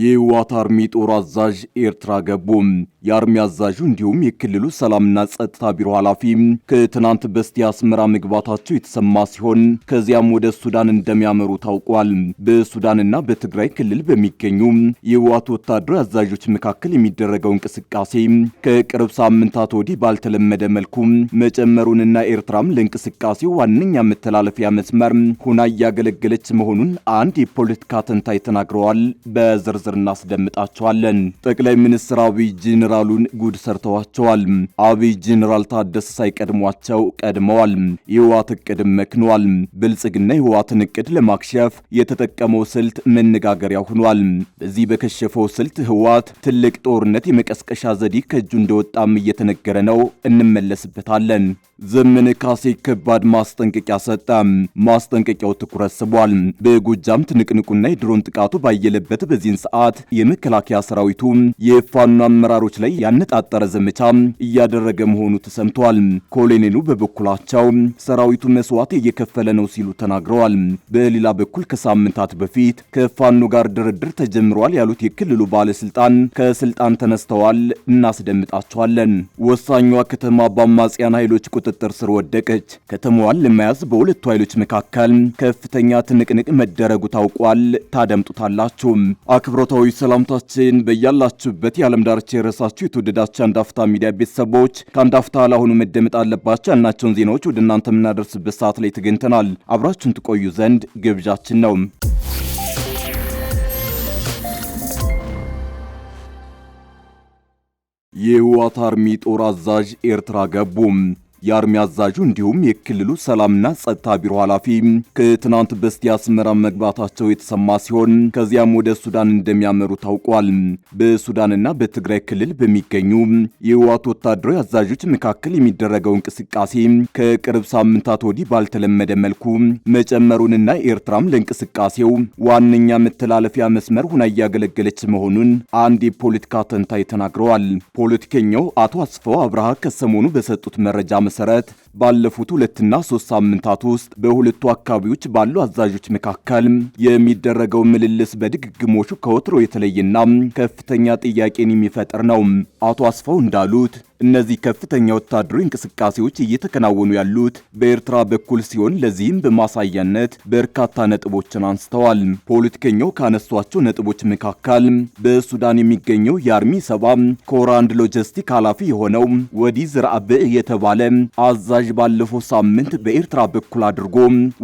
የህወሓት አርሚ ጦር አዛዥ ኤርትራ ገቡ። የአርሚ አዛዡ እንዲሁም የክልሉ ሰላምና ጸጥታ ቢሮ ኃላፊ ከትናንት በስቲያ አስመራ መግባታቸው የተሰማ ሲሆን ከዚያም ወደ ሱዳን እንደሚያመሩ ታውቋል። በሱዳንና በትግራይ ክልል በሚገኙ የህወሓት ወታደራዊ አዛዦች መካከል የሚደረገው እንቅስቃሴ ከቅርብ ሳምንታት ወዲህ ባልተለመደ መልኩ መጨመሩንና ኤርትራም ለእንቅስቃሴው ዋነኛ መተላለፊያ መስመር ሆና እያገለገለች መሆኑን አንድ የፖለቲካ ተንታኝ ተናግረዋል። በዝርዝር በዝርዝር እናስደምጣቸዋለን። ጠቅላይ ሚኒስትር አብይ ጄኔራሉን ጉድ ሰርተዋቸዋል። አብይ ጄኔራል ታደሰ ሳይቀድሟቸው ቀድመዋል። የህወሓት እቅድ መክኗል። ብልጽግና የህወሓትን እቅድ ለማክሸፍ የተጠቀመው ስልት መነጋገሪያ ሆኗል። በዚህ በከሸፈው ስልት ህዋት ትልቅ ጦርነት የመቀስቀሻ ዘዴ ከእጁ እንደወጣም እየተነገረ ነው። እንመለስበታለን። ዘመነ ካሴ ከባድ ማስጠንቀቂያ ሰጠ። ማስጠንቀቂያው ትኩረት ስቧል። በጎጃም ትንቅንቁና የድሮን ጥቃቱ ባየለበት በዚህን ሰዓት የመከላከያ ሰራዊቱ የፋኖ አመራሮች ላይ ያነጣጠረ ዘመቻ እያደረገ መሆኑ ተሰምቷል። ኮሎኔሉ በበኩላቸው ሰራዊቱ መስዋዕት እየከፈለ ነው ሲሉ ተናግረዋል። በሌላ በኩል ከሳምንታት በፊት ከፋኖ ጋር ድርድር ተጀምሯል ያሉት የክልሉ ባለስልጣን ከስልጣን ተነስተዋል፣ እናስደምጣቸዋለን። ወሳኟ ከተማ በአማጽያን ኃይሎች ቁጥጥር ስር ወደቀች። ከተማዋን ለመያዝ በሁለቱ ኃይሎች መካከል ከፍተኛ ትንቅንቅ መደረጉ ታውቋል። ታደምጡታላችሁ አክብሮ አክብሮታዊ ሰላምታችን በያላችሁበት የዓለም ዳርቻ የረሳችሁ የተወደዳችሁ አንዳፍታ ሚዲያ ቤተሰቦች ከአንዳፍታ ለአሁኑ መደመጥ አለባቸው ያልናቸውን ዜናዎች ወደ እናንተ የምናደርስበት ሰዓት ላይ ተገኝተናል። አብራችሁን ትቆዩ ዘንድ ግብዣችን ነው። የህወሓት አርሚ ጦር አዛዥ ኤርትራ ገቡም። የአርሚ አዛዡ እንዲሁም የክልሉ ሰላምና ጸጥታ ቢሮ ኃላፊ ከትናንት በስቲያ አስመራ መግባታቸው የተሰማ ሲሆን ከዚያም ወደ ሱዳን እንደሚያመሩ ታውቋል። በሱዳንና በትግራይ ክልል በሚገኙ የህወሓት ወታደራዊ አዛዦች መካከል የሚደረገው እንቅስቃሴ ከቅርብ ሳምንታት ወዲህ ባልተለመደ መልኩ መጨመሩንና ኤርትራም ለእንቅስቃሴው ዋነኛ መተላለፊያ መስመር ሁና እያገለገለች መሆኑን አንድ የፖለቲካ ተንታኝ ተናግረዋል። ፖለቲከኛው አቶ አስፋው አብርሃ ከሰሞኑ በሰጡት መረጃ مسارات ባለፉት ሁለትና ሶስት ሳምንታት ውስጥ በሁለቱ አካባቢዎች ባሉ አዛዦች መካከል የሚደረገው ምልልስ በድግግሞሹ ከወትሮ የተለየና ከፍተኛ ጥያቄን የሚፈጥር ነው። አቶ አስፋው እንዳሉት እነዚህ ከፍተኛ ወታደራዊ እንቅስቃሴዎች እየተከናወኑ ያሉት በኤርትራ በኩል ሲሆን ለዚህም በማሳያነት በርካታ ነጥቦችን አንስተዋል። ፖለቲከኛው ካነሷቸው ነጥቦች መካከል በሱዳን የሚገኘው የአርሚ ሰባ ኮራንድ ሎጂስቲክ ኃላፊ የሆነው ወዲ ዝርአብዕ የተባለ አዛ አዛዥ ባለፈው ሳምንት በኤርትራ በኩል አድርጎ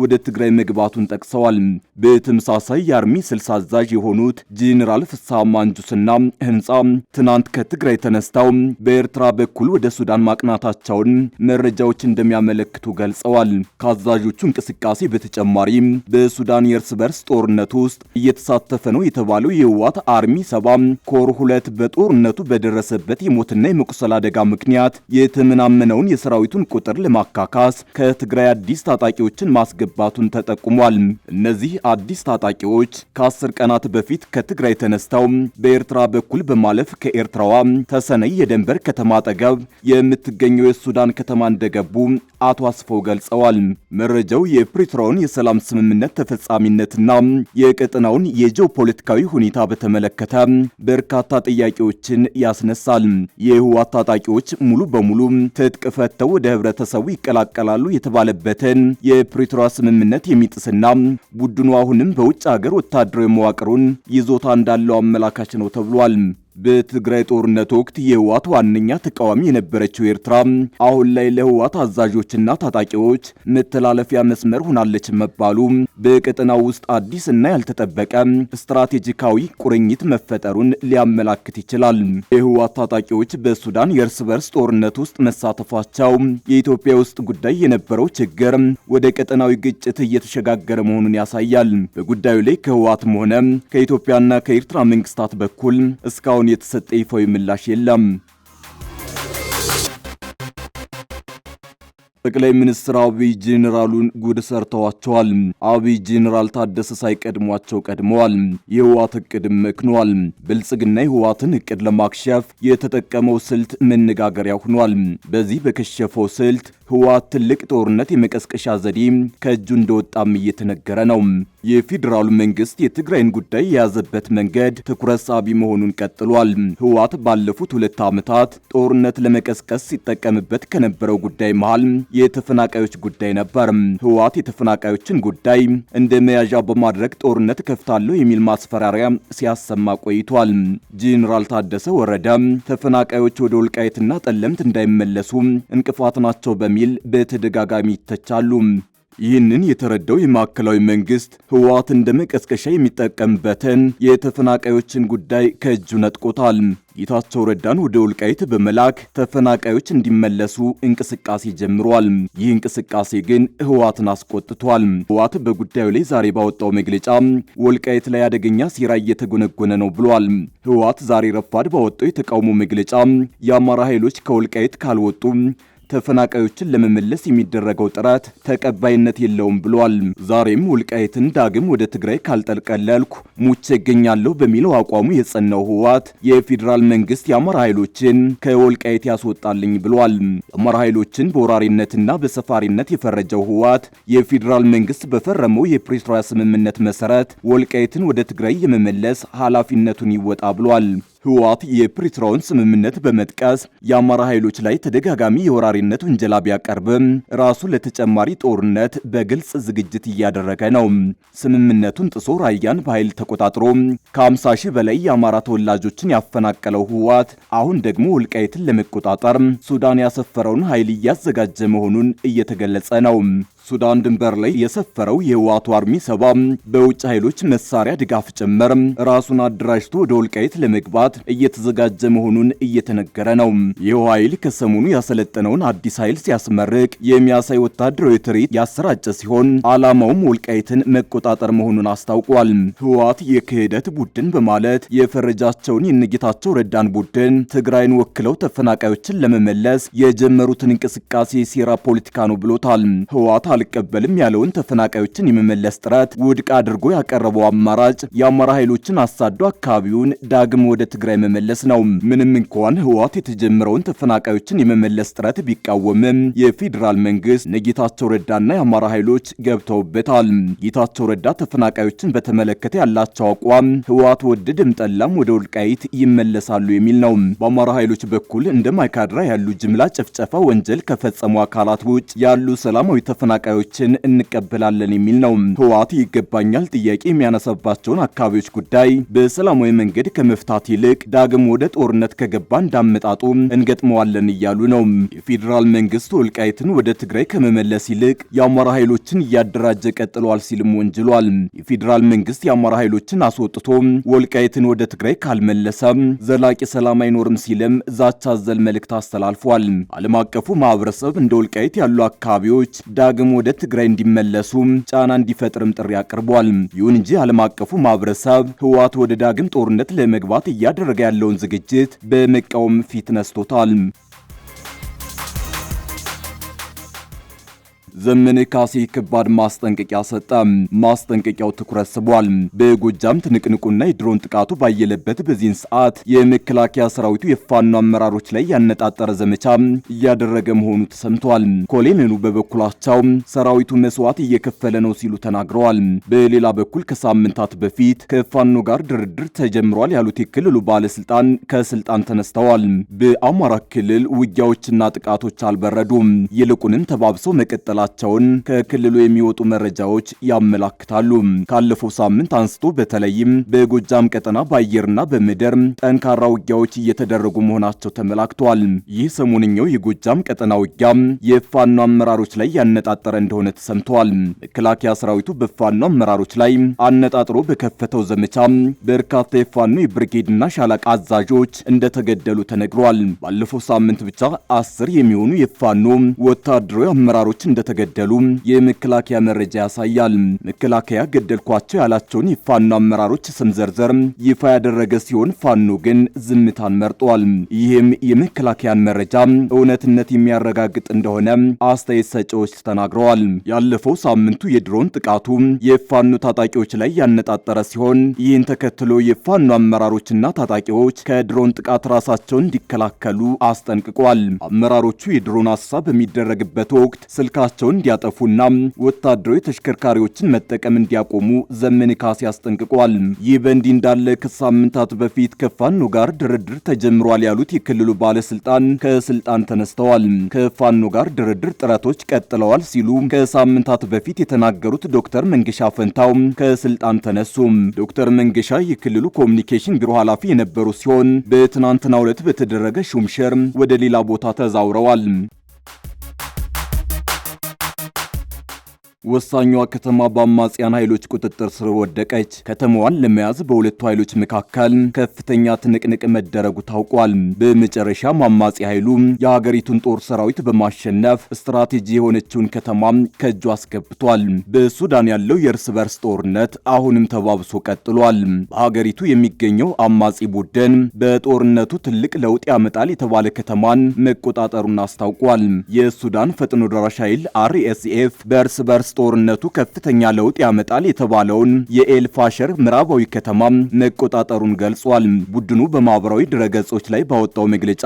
ወደ ትግራይ መግባቱን ጠቅሰዋል። በተመሳሳይ የአርሚ ስልሳ አዛዥ የሆኑት ጄኔራል ፍሳ ማንጁስና ህንፃ ትናንት ከትግራይ ተነስተው በኤርትራ በኩል ወደ ሱዳን ማቅናታቸውን መረጃዎች እንደሚያመለክቱ ገልጸዋል። ከአዛዦቹ እንቅስቃሴ በተጨማሪ በሱዳን የእርስ በርስ ጦርነት ውስጥ እየተሳተፈ ነው የተባለው የዋት አርሚ ሰባ ኮር ሁለት በጦርነቱ በደረሰበት የሞትና የመቁሰል አደጋ ምክንያት የተመናመነውን የሰራዊቱን ቁጥር ለማካካስ ከትግራይ አዲስ ታጣቂዎችን ማስገባቱን ተጠቁሟል። እነዚህ አዲስ ታጣቂዎች ከአስር ቀናት በፊት ከትግራይ ተነስተው በኤርትራ በኩል በማለፍ ከኤርትራዋ ተሰነይ የደንበር ከተማ አጠገብ የምትገኘው የሱዳን ከተማ እንደገቡ አቶ አስፈው ገልጸዋል። መረጃው የፕሪቶሪያውን የሰላም ስምምነት ተፈጻሚነትና የቀጠናውን የጂኦፖለቲካዊ ሁኔታ በተመለከተ በርካታ ጥያቄዎችን ያስነሳል። የህወሓት ታጣቂዎች ሙሉ በሙሉ ትጥቅ ፈተው ወደ ህብረተሰብ ሰው ይቀላቀላሉ የተባለበትን የፕሪቶሪያ ስምምነት የሚጥስና ቡድኑ አሁንም በውጭ ሀገር ወታደራዊ መዋቅሩን ይዞታ እንዳለው አመላካች ነው ተብሏል። በትግራይ ጦርነት ወቅት የህወሓት ዋነኛ ተቃዋሚ የነበረችው ኤርትራ አሁን ላይ ለህወሓት አዛዦችና ታጣቂዎች መተላለፊያ መስመር ሆናለች መባሉ በቀጠናው ውስጥ አዲስ እና ያልተጠበቀ ስትራቴጂካዊ ቁርኝት መፈጠሩን ሊያመላክት ይችላል። የህወሓት ታጣቂዎች በሱዳን የእርስ በርስ ጦርነት ውስጥ መሳተፋቸው የኢትዮጵያ ውስጥ ጉዳይ የነበረው ችግር ወደ ቀጠናዊ ግጭት እየተሸጋገረ መሆኑን ያሳያል። በጉዳዩ ላይ ከህወሓትም ሆነ ከኢትዮጵያና ከኤርትራ መንግስታት በኩል እስካሁን እስካሁን የተሰጠ ይፋዊ ምላሽ የለም። ጠቅላይ ሚኒስትር አብይ ጄኔራሉን ጉድ ሰርተዋቸዋል። አብይ ጄኔራል ታደሰ ሳይቀድሟቸው ቀድመዋል። የህዋት እቅድም መክኗል። ብልጽግና የህዋትን እቅድ ለማክሸፍ የተጠቀመው ስልት መነጋገሪያ ሆኗል። በዚህ በከሸፈው ስልት ህዋት ትልቅ ጦርነት የመቀስቀሻ ዘዴ ከእጁ እንደወጣም እየተነገረ ነው። የፌዴራሉ መንግስት የትግራይን ጉዳይ የያዘበት መንገድ ትኩረት ሳቢ መሆኑን ቀጥሏል። ህዋት ባለፉት ሁለት ዓመታት ጦርነት ለመቀስቀስ ሲጠቀምበት ከነበረው ጉዳይ መሃል የተፈናቃዮች ጉዳይ ነበር። ህወሓት የተፈናቃዮችን ጉዳይ እንደ መያዣ በማድረግ ጦርነት ከፍታለሁ የሚል ማስፈራሪያ ሲያሰማ ቆይቷል። ጄኔራል ታደሰ ወረደ ተፈናቃዮች ወደ ወልቃይትና ጠለምት እንዳይመለሱ እንቅፋት ናቸው በሚል በተደጋጋሚ ይተቻሉ። ይህንን የተረዳው የማዕከላዊ መንግስት ህወሓት እንደ መቀስቀሻ የሚጠቀምበትን የተፈናቃዮችን ጉዳይ ከእጁ ነጥቆታል። ጌታቸው ረዳን ወደ ወልቃይት በመላክ ተፈናቃዮች እንዲመለሱ እንቅስቃሴ ጀምሯል። ይህ እንቅስቃሴ ግን ህወሓትን አስቆጥቷል። ህወሓት በጉዳዩ ላይ ዛሬ ባወጣው መግለጫ ወልቃይት ላይ አደገኛ ሴራ እየተጎነጎነ ነው ብሏል። ህወሓት ዛሬ ረፋድ ባወጣው የተቃውሞ መግለጫ የአማራ ኃይሎች ከወልቃይት ካልወጡ ተፈናቃዮችን ለመመለስ የሚደረገው ጥረት ተቀባይነት የለውም ብሏል። ዛሬም ወልቃይትን ዳግም ወደ ትግራይ ካልጠልቀለልኩ ሙቼ ይገኛለሁ በሚለው አቋሙ የጸናው ህወሓት የፌዴራል መንግስት የአማራ ኃይሎችን ከወልቃይት ያስወጣልኝ ብሏል። የአማራ ኃይሎችን በወራሪነትና በሰፋሪነት የፈረጀው ህወሓት የፌዴራል መንግስት በፈረመው የፕሪቶሪያ ስምምነት መሰረት ወልቃይትን ወደ ትግራይ የመመለስ ኃላፊነቱን ይወጣ ብሏል። ህወሓት የፕሪቶሪያውን ስምምነት በመጥቀስ የአማራ ኃይሎች ላይ ተደጋጋሚ የወራሪነት ውንጀላ ቢያቀርብም ራሱ ለተጨማሪ ጦርነት በግልጽ ዝግጅት እያደረገ ነው። ስምምነቱን ጥሶ ራያን በኃይል ተቆጣጥሮ ከ50 ሺህ በላይ የአማራ ተወላጆችን ያፈናቀለው ህወሓት አሁን ደግሞ ወልቃይትን ለመቆጣጠር ሱዳን ያሰፈረውን ኃይል እያዘጋጀ መሆኑን እየተገለጸ ነው። ሱዳን ድንበር ላይ የሰፈረው የህዋቱ አርሚ ሰባ በውጭ ኃይሎች መሳሪያ ድጋፍ ጭምር ራሱን አደራጅቶ ወደ ወልቃይት ለመግባት እየተዘጋጀ መሆኑን እየተነገረ ነው። ይህ ኃይል ከሰሞኑ ያሰለጠነውን አዲስ ኃይል ሲያስመርቅ የሚያሳይ ወታደራዊ ትርኢት ያሰራጨ ሲሆን ዓላማውም ወልቃይትን መቆጣጠር መሆኑን አስታውቋል። ህዋት የክህደት ቡድን በማለት የፈረጃቸውን የነጌታቸው ረዳን ቡድን ትግራይን ወክለው ተፈናቃዮችን ለመመለስ የጀመሩትን እንቅስቃሴ ሴራ ፖለቲካ ነው ብሎታል። ህዋት አልቀበልም ያለውን ተፈናቃዮችን የመመለስ ጥረት ውድቅ አድርጎ ያቀረበው አማራጭ የአማራ ኃይሎችን አሳዶ አካባቢውን ዳግም ወደ ትግራይ መመለስ ነው። ምንም እንኳን ህወሓት የተጀመረውን ተፈናቃዮችን የመመለስ ጥረት ቢቃወምም የፌዴራል መንግስት ጌታቸው ረዳና የአማራ ኃይሎች ገብተውበታል። ጌታቸው ረዳ ተፈናቃዮችን በተመለከተ ያላቸው አቋም ህወሓት ወደደም ድምጠላም ወደ ወልቃይት ይመለሳሉ የሚል ነው። በአማራ ኃይሎች በኩል እንደ ማይካድራ ያሉ ጅምላ ጭፍጨፋ ወንጀል ከፈጸሙ አካላት ውጭ ያሉ ሰላማዊ ተፈናቃዮች ተፈናቃዮችን እንቀበላለን የሚል ነው። ህወሓት ይገባኛል ጥያቄ የሚያነሳባቸውን አካባቢዎች ጉዳይ በሰላማዊ መንገድ ከመፍታት ይልቅ ዳግም ወደ ጦርነት ከገባ እንዳመጣጡ እንገጥመዋለን እያሉ ነው። የፌዴራል መንግስት ወልቃይትን ወደ ትግራይ ከመመለስ ይልቅ የአማራ ኃይሎችን እያደራጀ ቀጥለዋል ሲልም ወንጅሏል። የፌዴራል መንግስት የአማራ ኃይሎችን አስወጥቶ ወልቃይትን ወደ ትግራይ ካልመለሰ ዘላቂ ሰላም አይኖርም ሲልም ዛቻ አዘል መልእክት አስተላልፏል። ዓለም አቀፉ ማህበረሰብ እንደ ወልቃይት ያሉ አካባቢዎች ዳግም ዳግም ወደ ትግራይ እንዲመለሱ ጫና እንዲፈጥርም ጥሪ አቅርቧል። ይሁን እንጂ ዓለም አቀፉ ማህበረሰብ ህወሓት ወደ ዳግም ጦርነት ለመግባት እያደረገ ያለውን ዝግጅት በመቃወም ፊት ነስቶታል። ዘመነ ካሴ ከባድ ማስጠንቀቂያ ሰጠ። ማስጠንቀቂያው ትኩረት ስቧል። በጎጃም ትንቅንቁና የድሮን ጥቃቱ ባየለበት በዚህን ሰዓት የመከላከያ ሰራዊቱ የፋኖ አመራሮች ላይ ያነጣጠረ ዘመቻ እያደረገ መሆኑ ተሰምቷል። ኮሎኔሉ በበኩላቸው ሰራዊቱ መስዋዕት እየከፈለ ነው ሲሉ ተናግረዋል። በሌላ በኩል ከሳምንታት በፊት ከፋኖ ጋር ድርድር ተጀምሯል ያሉት የክልሉ ባለስልጣን ከስልጣን ተነስተዋል። በአማራ ክልል ውጊያዎችና ጥቃቶች አልበረዱም። ይልቁንም ተባብሰው መቀጠላቸው መሆናቸውን ከክልሉ የሚወጡ መረጃዎች ያመላክታሉ። ካለፈው ሳምንት አንስቶ በተለይም በጎጃም ቀጠና በአየርና በምድር ጠንካራ ውጊያዎች እየተደረጉ መሆናቸው ተመላክቷል። ይህ ሰሞንኛው የጎጃም ቀጠና ውጊያ የፋኖ አመራሮች ላይ ያነጣጠረ እንደሆነ ተሰምተዋል። መከላከያ ሰራዊቱ በፋኖ አመራሮች ላይ አነጣጥሮ በከፈተው ዘመቻ በርካታ የፋኖ የብርጌድና ሻለቃ አዛዦች እንደተገደሉ ተነግሯል። ባለፈው ሳምንት ብቻ አስር የሚሆኑ የፋኖ ወታደራዊ አመራሮች እንደ እንደተገደሉ የመከላከያ መረጃ ያሳያል። መከላከያ ገደልኳቸው ያላቸውን የፋኖ አመራሮች ስም ዘርዘር ይፋ ያደረገ ሲሆን ፋኖ ግን ዝምታን መርጧል። ይህም የመከላከያን መረጃ እውነትነት የሚያረጋግጥ እንደሆነ አስተያየት ሰጪዎች ተናግረዋል። ያለፈው ሳምንቱ የድሮን ጥቃቱ የፋኖ ታጣቂዎች ላይ ያነጣጠረ ሲሆን ይህን ተከትሎ የፋኖ አመራሮችና ታጣቂዎች ከድሮን ጥቃት ራሳቸውን እንዲከላከሉ አስጠንቅቋል። አመራሮቹ የድሮን አሰሳ በሚደረግበት ወቅት ስልካቸው ራሳቸውን እንዲያጠፉና ወታደራዊ ተሽከርካሪዎችን መጠቀም እንዲያቆሙ ዘመነ ካሴ አስጠንቅቋል። ይህ በእንዲህ እንዳለ ከሳምንታት በፊት ከፋኖ ጋር ድርድር ተጀምሯል ያሉት የክልሉ ባለስልጣን ከስልጣን ተነስተዋል። ከፋኖ ጋር ድርድር ጥረቶች ቀጥለዋል ሲሉ ከሳምንታት በፊት የተናገሩት ዶክተር መንገሻ ፈንታው ከስልጣን ተነሱ። ዶክተር መንገሻ የክልሉ ኮሚኒኬሽን ቢሮ ኃላፊ የነበሩ ሲሆን በትናንትናው ዕለት በተደረገ ሹምሸር ወደ ሌላ ቦታ ተዛውረዋል። ወሳኛዋ ከተማ በአማጽያን ኃይሎች ቁጥጥር ስር ወደቀች። ከተማዋን ለመያዝ በሁለቱ ኃይሎች መካከል ከፍተኛ ትንቅንቅ መደረጉ ታውቋል። በመጨረሻም አማጺ ኃይሉ የሀገሪቱን ጦር ሰራዊት በማሸነፍ ስትራቴጂ የሆነችውን ከተማ ከእጁ አስገብቷል። በሱዳን ያለው የእርስ በርስ ጦርነት አሁንም ተባብሶ ቀጥሏል። በሀገሪቱ የሚገኘው አማጺ ቡድን በጦርነቱ ትልቅ ለውጥ ያመጣል የተባለ ከተማን መቆጣጠሩን አስታውቋል። የሱዳን ፈጥኖ ደራሽ ኃይል አርኤስኤፍ በእርስ በርስ በእርስ ጦርነቱ ከፍተኛ ለውጥ ያመጣል የተባለውን የኤልፋሸር ምዕራባዊ ከተማ መቆጣጠሩን ገልጿል። ቡድኑ በማህበራዊ ድረገጾች ላይ ባወጣው መግለጫ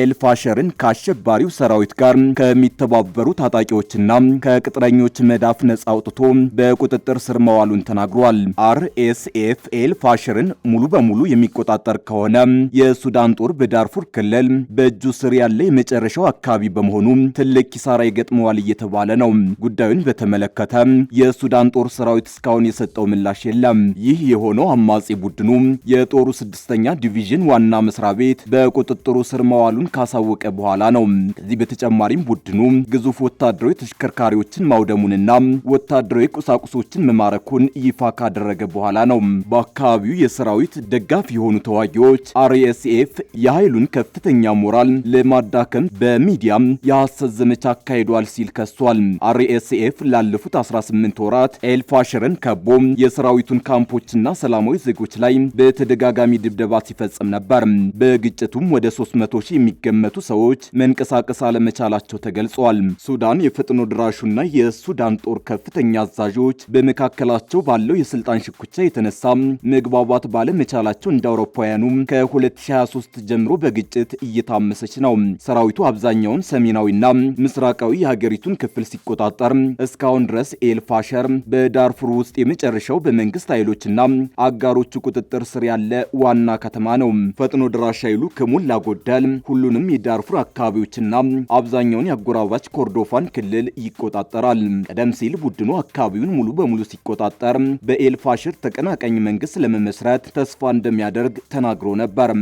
ኤልፋሸርን ከአሸባሪው ሰራዊት ጋር ከሚተባበሩ ታጣቂዎችና ከቅጥረኞች መዳፍ ነጻ አውጥቶ በቁጥጥር ስር መዋሉን ተናግሯል። አርኤስኤፍ ኤልፋሸርን ሙሉ በሙሉ የሚቆጣጠር ከሆነ የሱዳን ጦር በዳርፉር ክልል በእጁ ስር ያለ የመጨረሻው አካባቢ በመሆኑ ትልቅ ኪሳራ ይገጥመዋል እየተባለ ነው። ጉዳዩን በተመለ በተመለከተ የሱዳን ጦር ሰራዊት እስካሁን የሰጠው ምላሽ የለም። ይህ የሆነው አማጺ ቡድኑ የጦሩ ስድስተኛ ዲቪዥን ዋና መስሪያ ቤት በቁጥጥሩ ስር መዋሉን ካሳወቀ በኋላ ነው። ከዚህ በተጨማሪም ቡድኑ ግዙፍ ወታደራዊ ተሽከርካሪዎችን ማውደሙንና ወታደራዊ ቁሳቁሶችን መማረኩን ይፋ ካደረገ በኋላ ነው። በአካባቢው የሰራዊት ደጋፊ የሆኑ ተዋጊዎች አርኤስኤፍ የኃይሉን ከፍተኛ ሞራል ለማዳከም በሚዲያም የሐሰት ዘመቻ አካሂዷል ሲል ከሷል። አርኤስኤፍ ላለው ባለፉት 18 ወራት ኤልፋሽርን ከቦ የሰራዊቱን ካምፖችና ሰላማዊ ዜጎች ላይ በተደጋጋሚ ድብደባ ሲፈጽም ነበር። በግጭቱም ወደ 300 ሺህ የሚገመቱ ሰዎች መንቀሳቀስ አለመቻላቸው ተገልጿል። ሱዳን የፈጥኖ ድራሹና የሱዳን ጦር ከፍተኛ አዛዦች በመካከላቸው ባለው የስልጣን ሽኩቻ የተነሳ መግባባት ባለመቻላቸው እንደ አውሮፓውያኑ ከ2023 ጀምሮ በግጭት እየታመሰች ነው። ሰራዊቱ አብዛኛውን ሰሜናዊና ምስራቃዊ የሀገሪቱን ክፍል ሲቆጣጠር እስካሁን እስካሁን ድረስ ኤልፋሸር በዳርፉር ውስጥ የመጨረሻው በመንግስት ኃይሎችና አጋሮቹ ቁጥጥር ስር ያለ ዋና ከተማ ነው። ፈጥኖ ድራሽ ኃይሉ ከሞላ ጎደል ሁሉንም የዳርፉር አካባቢዎችና አብዛኛውን የአጎራባች ኮርዶፋን ክልል ይቆጣጠራል። ቀደም ሲል ቡድኑ አካባቢውን ሙሉ በሙሉ ሲቆጣጠር በኤልፋሽር ተቀናቃኝ መንግስት ለመመስረት ተስፋ እንደሚያደርግ ተናግሮ ነበር።